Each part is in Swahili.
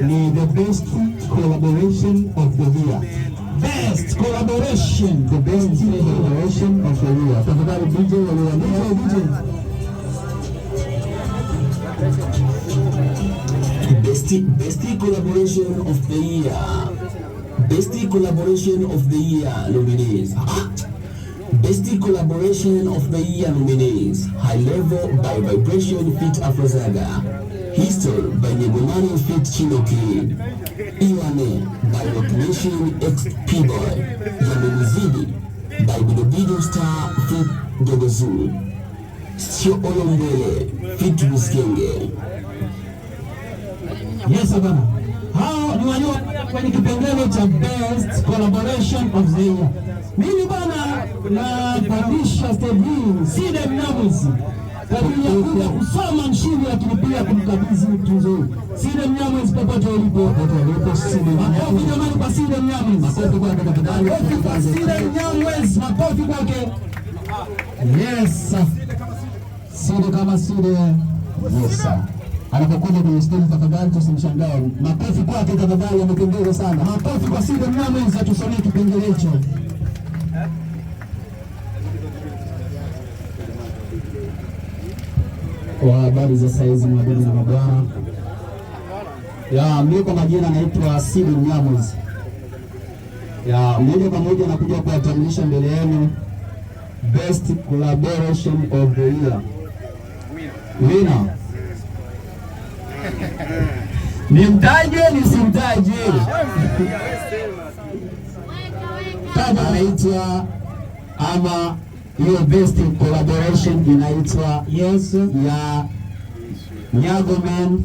ni the best collaboration of the year. Best collaboration, the best collaboration of the year. Tafadhali DJ walioandika DJ. Best best collaboration of the year. Best collaboration of the year nominees. Best collaboration of the year nominees. High level by vibration fit Afrozaga. history by the Romanian Fit Chinoki Iwane by Recognition X P-Boy yamenizidi by the video star Fit Dogozul sio Olombele mbele Fit Muskenge. Yes, bana, hao ni wajua kwenye kipengele cha best collaboration of the year. Mimi bana napandisha stevii si Dynamos lakini akuja kusoma mshindi, lakini pia kumkabidhi tuzo hii. Sinde Mnyamwezi, popote ulipo, makofi jamani kwa Sinde Mnyamwezi, makofi kwa Sinde Mnyamwezi, makofi kwake. Yes, Sinde kama Sinde anapokuja kwenye stendi tafadhali, tusimshangae. Makofi kwake tafadhali, amependeza sana. Makofi kwa Sinde Mnyamwezi, atusomee kipengele hicho. kwa habari za saizi, mabibi na mabwana. Ya mimi kwa majina naitwa Sidi Nyamuz. Ya moja kwa moja nakuja kuwatambulisha mbele yenu best collaboration of the year wina nimtaje nisimtaje? Kama anaitwa ama hiyo best collaboration inaitwa yes ya Nyagoman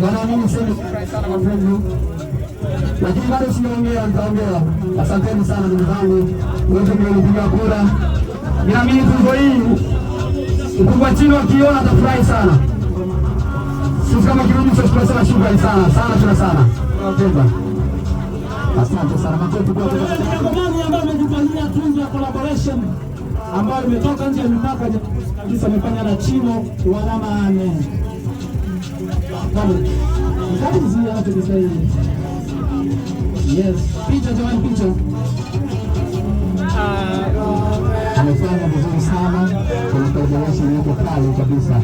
Naamini sisi wapenzi, lakini bado sijaongea, nitaongea. Asanteni sana ndugu zangu wote mlionipigia kura. Ninaamini tuzo hii mkubwa chini wakiona atafurahi sana. Sisi kama kijiji tunasema shukrani sana sana tena sana, tunawapenda. Asante sana makofi ambao amejipatia tuzo ya collaboration ambayo imetoka nje ya mipaka kabisa, amefanya na Chino wa alama nne. That is you have to be saying. Yes. Picha jamani, picha. Amefanya vizuri sana kwenye kazi yake, yuko kabisa.